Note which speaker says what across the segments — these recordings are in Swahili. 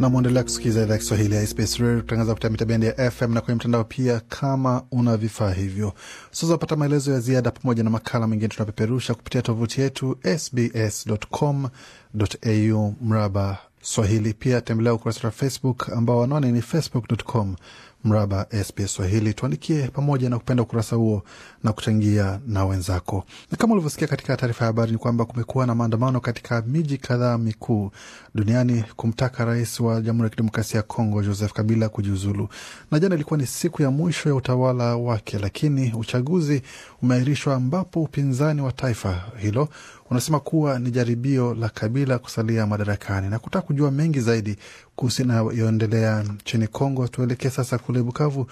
Speaker 1: na mwendelea kusikiliza idhaa Kiswahili ya SBS Radio kutangaza kupitia mita bendi ya FM na kwenye mtandao pia, kama una vifaa hivyo. Sasa wapata maelezo ya ziada pamoja na makala mengine tunapeperusha kupitia tovuti yetu sbs.com.au mraba Swahili. Pia tembelea ukurasa wa Facebook ambao wanaone ni facebook.com mraba SP Swahili. Tuandikie pamoja na kupenda ukurasa huo na kuchangia na wenzako. Na kama ulivyosikia katika taarifa ya habari, ni kwamba kumekuwa na maandamano katika miji kadhaa mikuu duniani kumtaka rais wa Jamhuri ya Kidemokrasia ya Kongo Joseph Kabila kujiuzulu. Na jana ilikuwa ni siku ya mwisho ya utawala wake, lakini uchaguzi umeahirishwa ambapo upinzani wa taifa hilo unasema kuwa ni jaribio la Kabila kusalia madarakani. Na kutaka kujua mengi zaidi kuhusiana inayoendelea nchini Kongo, tuelekee sasa kule Bukavu uh,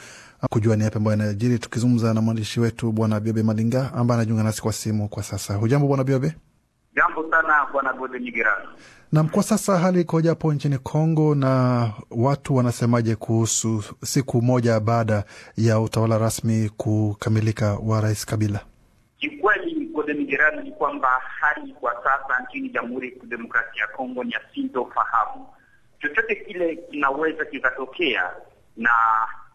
Speaker 1: kujua ni yapi ambayo yanajiri, tukizungumza na mwandishi wetu Bwana Biobe Malinga ambaye anajiunga nasi kwa simu kwa sasa. Hujambo Bwana Biobe?
Speaker 2: Jambo sana Bwana Gode Migerano.
Speaker 1: Nam, kwa sasa hali ikoje hapo nchini Kongo na watu wanasemaje kuhusu siku moja baada ya utawala rasmi kukamilika wa Rais Kabila?
Speaker 2: jirani ni kwamba hali kwa sasa nchini Jamhuri ya Kidemokrasia ya Kongo ni asintofahamu Chochote kile kinaweza kikatokea na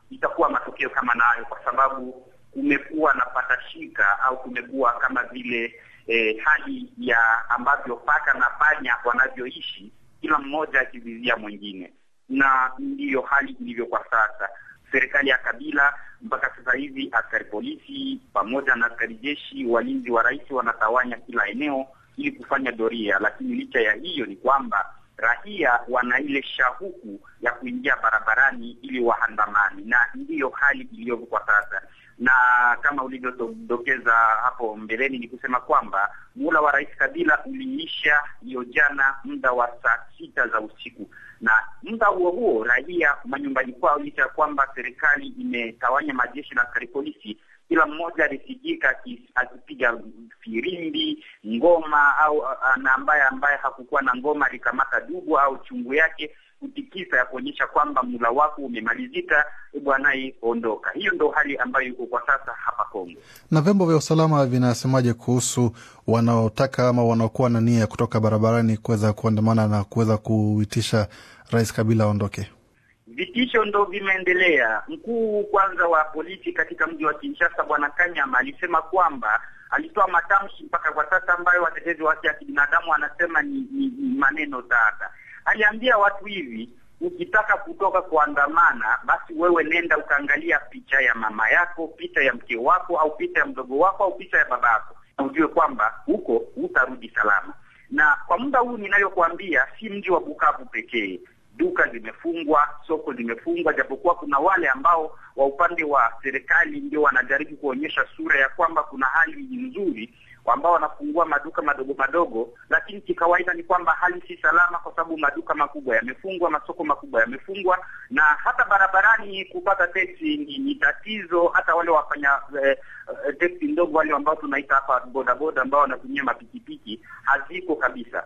Speaker 2: itakuwa matokeo kama nayo, kwa sababu kumekuwa na patashika au kumekuwa kama vile eh, hali ya ambavyo paka na panya wanavyoishi, kila mmoja akivizia mwingine, na ndiyo hali ilivyo kwa sasa serikali ya Kabila mpaka sasa hivi askari polisi pamoja na askari jeshi walinzi wa rais wanatawanya kila eneo ili kufanya doria, lakini licha ya hiyo ni kwamba raia wana ile shahuku ya kuingia barabarani ili waandamani, na ndiyo hali iliyoko kwa sasa na kama ulivyodokeza hapo mbeleni, ni kusema kwamba muhula wa Rais Kabila uliisha hiyo jana muda wa saa sita za usiku, na muda huo huo raia manyumbani kwao, licha ya kwamba serikali imetawanya majeshi na askari polisi kila mmoja alisikika akipiga firimbi, ngoma au na ambaye ambaye hakukuwa na ngoma alikamata dubu au chungu yake kutikisa ya kuonyesha kwamba mula wako umemalizika, bwanai, ondoka. Hiyo ndo hali ambayo iko kwa sasa hapa Kongo.
Speaker 1: Na vyombo vya usalama vinasemaje kuhusu wanaotaka ama wanaokuwa na nia ya kutoka barabarani kuweza kuandamana na kuweza kuitisha Rais Kabila
Speaker 2: aondoke? Vitisho ndo vimeendelea. Mkuu kwanza wa polisi katika mji wa Kinshasa, Bwana Kanyama alisema kwamba alitoa matamshi mpaka kwa sasa ambayo watetezi wa haki ya kibinadamu wanasema ni, ni, ni maneno tata. Aliambia watu hivi, ukitaka kutoka kuandamana, basi wewe nenda ukaangalia picha ya mama yako, picha ya mke wako, au picha ya mdogo wako, au picha ya baba yako, na ujue kwamba huko utarudi salama. Na kwa muda huu ninayokuambia, si mji wa Bukavu pekee duka zimefungwa, soko zimefungwa, japokuwa kuna wale ambao wa upande wa serikali ndio wanajaribu kuonyesha sura ya kwamba kuna hali nzuri, ambao wanafungua maduka madogo madogo, lakini kikawaida ni kwamba hali si salama, kwa sababu maduka makubwa yamefungwa, masoko makubwa yamefungwa, na hata barabarani kupata teksi ni, ni tatizo. Hata wale wafanya eh, eh teksi ndogo wale ambao tunaita hapa bodaboda ambao wanatumia mapikipiki haziko kabisa.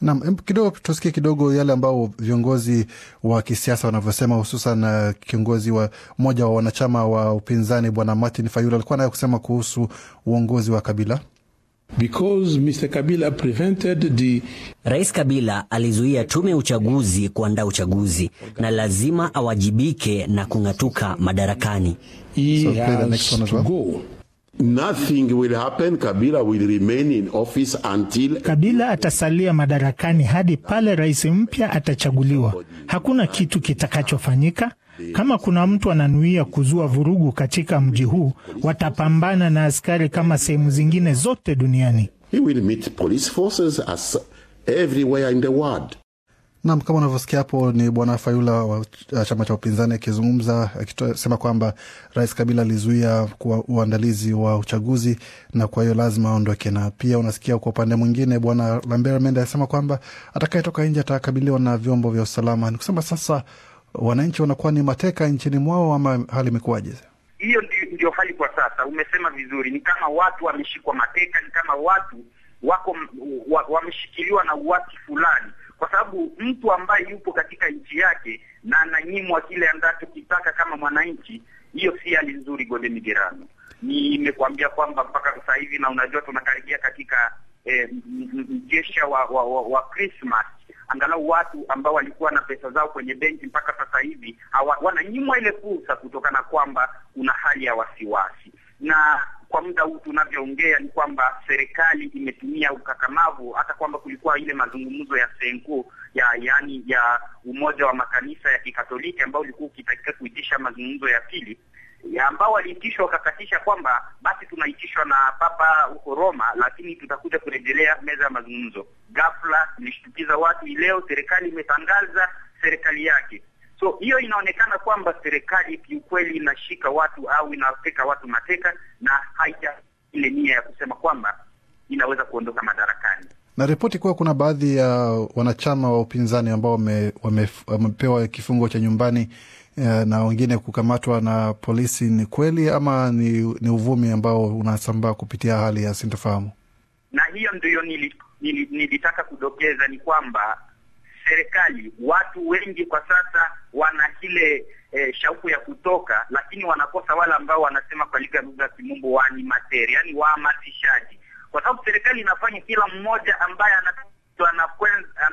Speaker 1: Naam, kidogo tusikie kidogo yale ambao viongozi wa kisiasa wanavyosema, hususan eh, kiongozi wa mmoja wa wanachama wa upinzani Bwana Martin Fayulu alikuwa nayo kusema kuhusu uongozi wa Kabila. Because Mr. Kabila prevented the... Rais Kabila alizuia tume ya uchaguzi kuandaa uchaguzi na lazima awajibike na kung'atuka madarakani. Nothing will happen. Kabila will remain in office until... Kabila atasalia madarakani hadi pale rais mpya atachaguliwa. Hakuna kitu kitakachofanyika kama kuna mtu ananuia kuzua vurugu katika mji huu, watapambana na askari kama sehemu zingine zote duniani.
Speaker 2: He will meet
Speaker 1: police forces as everywhere in the world. Nam, kama unavyosikia hapo ni Bwana Fayula wa chama cha upinzani akizungumza akisema kwamba Rais Kabila alizuia uandalizi wa uchaguzi na kwa hiyo lazima aondoke, na pia unasikia kwa upande mwingine Bwana Lambert Mende kwamba atakayetoka nje atakabiliwa na vyombo vya usalama. Ni kusema sasa wananchi wanakuwa ni mateka nchini mwao, ama hali imekuwaje?
Speaker 2: Hiyo ndio hali kwa sasa. Umesema vizuri, ni kama watu wameshikwa mateka, ni kama watu wako wameshikiliwa na uwasi fulani, kwa sababu mtu ambaye yupo katika nchi yake na ananyimwa kile anachokitaka kama mwananchi, hiyo si hali nzuri. Gode Migerano, nimekuambia kwamba mpaka sasa hivi, na unajua tunakaribia katika eh, mjesha wa wa, wa, wa Christmas angalau watu ambao walikuwa na pesa zao kwenye benki mpaka sasa hivi wananyimwa ile fursa, kutokana kwamba kuna hali ya wasiwasi na kwa muda huu tunavyoongea ni kwamba serikali imetumia ukakamavu, hata kwamba kulikuwa ile mazungumzo ya Senko ya yani ya umoja wa makanisa ya Kikatoliki ambao ulikuwa ukitakika kuitisha mazungumzo ya pili ya ambao waliitishwa wakakatisha kwamba basi tunaitishwa na Papa huko Roma, lakini tutakuja kurejelea meza ya mazungumzo ghafla ilishtukiza watu. Leo serikali imetangaza serikali yake, so hiyo inaonekana kwamba serikali kiukweli inashika watu au inateka watu mateka, na haija ile nia ya kusema kwamba inaweza kuondoka madarakani.
Speaker 1: Na ripoti kuwa kuna baadhi ya wanachama wa upinzani ambao wamepewa wame, wame kifungo cha nyumbani eh, na wengine kukamatwa na polisi, ni kweli ama ni, ni uvumi ambao unasambaa kupitia hali ya sintofahamu?
Speaker 2: Na hiyo nili, nilitaka kudokeza ni kwamba serikali, watu wengi kwa sasa wana kile e, eh, shauku ya kutoka, lakini wanakosa wale ambao wanasema kwa lugha ya kimombo wani materi, yani wahamasishaji, kwa sababu serikali inafanya kila mmoja ambaye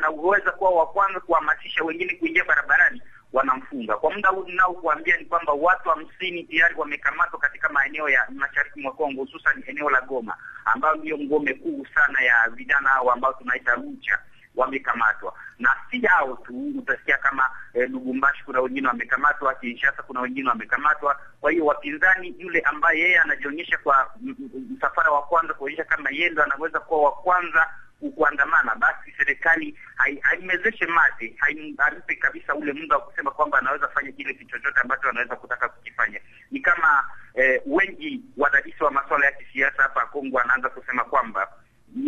Speaker 2: anaweza kuwa wa kwanza kuhamasisha wengine kuingia barabarani wanamfunga kwa muda huu kuambia ni kwamba watu hamsini tayari wamekamatwa katika maeneo ya mashariki mwa Kongo, hususan eneo la Goma ambayo ndiyo ngome kuu sana ya vijana hao ambao tunaita Lucha wamekamatwa na si hao tu, utasikia kama eh, Lubumbashi kuna wengine wamekamatwa, Kinshasa kuna wengine wamekamatwa. Kwa hiyo wapinzani, yule ambaye yeye anajionyesha kwa msafara wa kwanza kuonyesha kama yeye ndo anaweza kuwa wa kwanza kuandamana, basi serikali haimezeshe hai mate, haimharipe kabisa ule muda wa kusema kwamba anaweza fanya kile chochote ambacho anaweza kutaka kukifanya. Ni kama eh, wengi wadadisi wa masuala ya kisiasa hapa Kongo anaanza kusema kwamba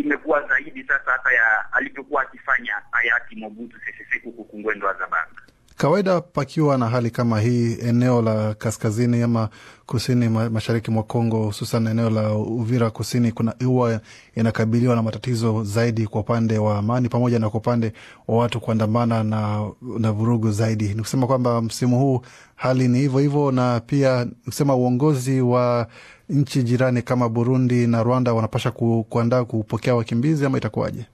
Speaker 2: imekuwa zaidi sasa hata ya alivyokuwa akifanya hayati Mobutu Sese Seko Kukungwendo wa zamani.
Speaker 1: Kawaida pakiwa na hali kama hii, eneo la kaskazini ama kusini mashariki mwa Kongo, hususan eneo la Uvira kusini, kuna huwa inakabiliwa na matatizo zaidi kwa upande wa amani pamoja na kwa upande wa watu kuandamana na, na vurugu zaidi. Ni kusema kwamba msimu huu hali ni hivyo hivyo, na pia kusema uongozi wa nchi jirani kama Burundi na Rwanda wanapasha ku, kuandaa kupokea wakimbizi ama
Speaker 2: itakuwaje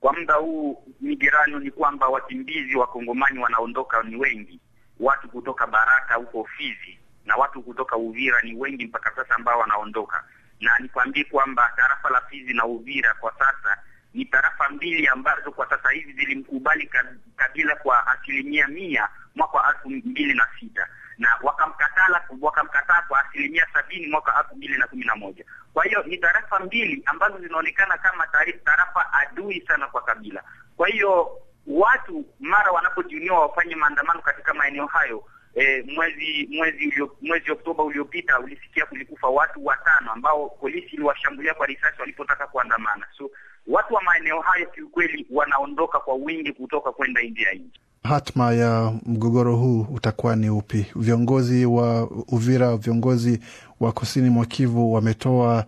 Speaker 2: kwa muda huu? migerano ni kwamba wakimbizi wakongomani wanaondoka ni wengi, watu kutoka Baraka huko Fizi na watu kutoka Uvira ni wengi mpaka sasa ambao wanaondoka, na nikwambie kwamba tarafa la Fizi na Uvira kwa sasa ni tarafa mbili ambazo kwa sasa hivi zilimkubali Kabila kwa asilimia mia mwaka wa elfu mbili na sita na wakamkatala wakamkataa kwa asilimia sabini mwaka elfu mbili na kumi na moja. Kwa hiyo ni tarafa mbili ambazo zinaonekana kama tarafa adui sana kwa Kabila. Kwa hiyo watu mara wanapojiuniwa wafanye maandamano katika maeneo hayo e, mwezi mwezi ulio, mwezi Oktoba uliopita ulisikia kulikufa watu watano ambao polisi iliwashambulia kwa risasi walipotaka kuandamana. So watu wa maeneo hayo kiukweli wanaondoka kwa wingi kutoka kwenda nje ya nchi.
Speaker 1: Hatma ya mgogoro huu utakuwa ni upi? Viongozi wa Uvira, viongozi wa kusini mwa Kivu wametoa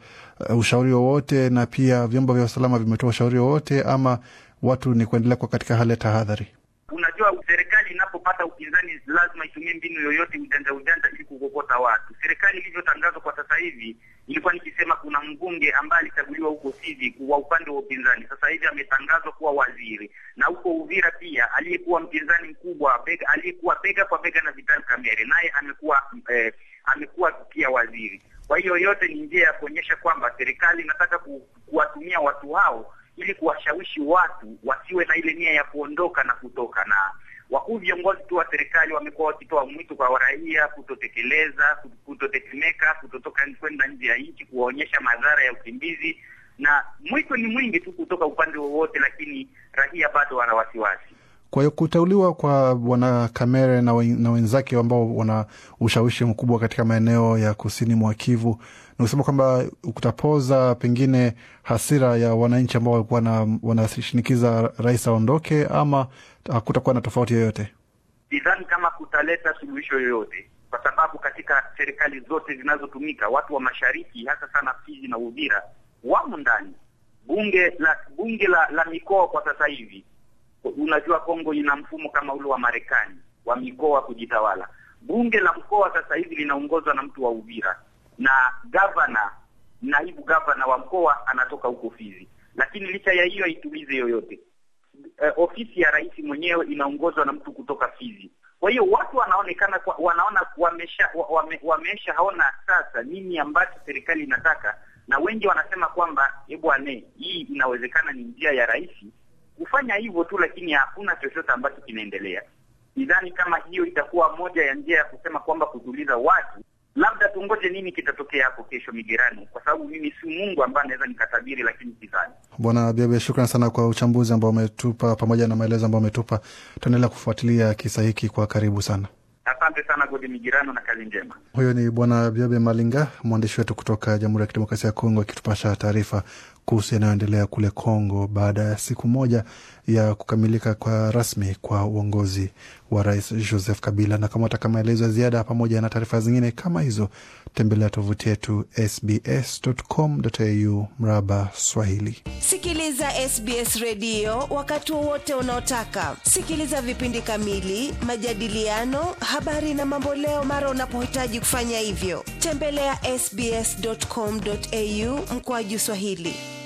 Speaker 1: uh, ushauri wowote, na pia vyombo vya usalama vimetoa ushauri wowote, ama watu ni kuendelea kwa katika hali ya tahadhari.
Speaker 2: Unajua, serikali inapopata upinzani lazima itumie mbinu yoyote ujanja ujanja ili kukokota watu. Serikali ilivyotangazwa kwa sasa hivi ilikuwa nikisema kuna mbunge ambaye alichaguliwa huko Fizi wa upande wa upinzani, sasa hivi ametangazwa kuwa waziri, na huko Uvira pia aliyekuwa mpinzani mkubwa bega, aliyekuwa bega kwa bega na Vital Kamerhe naye amekuwa eh, amekuwa pia waziri. Kwa hiyo yote ni njia ya kuonyesha kwamba serikali inataka ku, kuwatumia watu hao ili kuwashawishi watu wasiwe na ile nia ya kuondoka na kutoka. Na wakuu viongozi tu wa serikali wamekuwa wakitoa mwito kwa raia kutotekeleza, kutotetemeka, kutotoka kwenda nje ya nchi, kuwaonyesha madhara ya ukimbizi, na mwito ni mwingi tu kutoka upande wowote, lakini raia bado wana wasiwasi.
Speaker 1: Kwa hiyo kuteuliwa kwa Bwana Kamere na wenzake ambao wana ushawishi mkubwa katika maeneo ya kusini mwa Kivu na kusema kwamba kutapoza pengine hasira ya wananchi ambao walikuwa wanashinikiza rais aondoke, ama hakutakuwa na tofauti yoyote?
Speaker 2: Sidhani kama kutaleta suluhisho yoyote, kwa sababu katika serikali zote zinazotumika watu wa mashariki hasa sana Fizi na Uvira wamo ndani bunge la bunge la, la mikoa kwa sasa hivi. Unajua Kongo ina mfumo kama ule wa Marekani wa mikoa kujitawala. Bunge la mkoa sasa hivi linaongozwa na mtu wa Uvira na gavana, naibu gavana wa mkoa anatoka huko Fizi, lakini licha ya hiyo haitulize yoyote. Eh, ofisi ya rais mwenyewe inaongozwa na mtu kutoka Fizi. Kwa hiyo watu wanaonekana kwa, wanaona wamesha wame, wamesha haona sasa nini ambacho serikali inataka, na wengi wanasema kwamba e hii inawezekana ni njia ya rais kufanya hivyo tu, lakini hakuna chochote ambacho kinaendelea. nidhani kama hiyo itakuwa moja ya njia ya kusema kwamba kutuliza watu labda tungoje nini kitatokea hapo kesho Migerani, kwa sababu mimi si Mungu ambaye anaweza nikatabiri, lakini sidhani.
Speaker 1: Bwana Biabe, shukran sana kwa uchambuzi ambao umetupa pamoja na maelezo ambayo umetupa. Tutaendelea kufuatilia kisa hiki kwa karibu sana.
Speaker 2: Asante sana Godi Migirano na kazi njema.
Speaker 1: Huyo ni Bwana Biobe Malinga, mwandishi wetu kutoka Jamhuri ya Kidemokrasia ya Kongo, akitupasha taarifa kuhusu yanayoendelea kule Kongo baada ya siku moja ya kukamilika kwa rasmi kwa uongozi wa Rais Joseph Kabila. Na kama utaka maelezo ya ziada pamoja na taarifa zingine kama hizo, tembelea tovuti yetu sbs.com.au mraba Swahili.
Speaker 2: Sikiliza SBS redio wakati wowote unaotaka. Sikiliza vipindi kamili, majadiliano, habari na mamboleo mara unapohitaji kufanya hivyo, tembelea sbs.com.au mkoaju Swahili.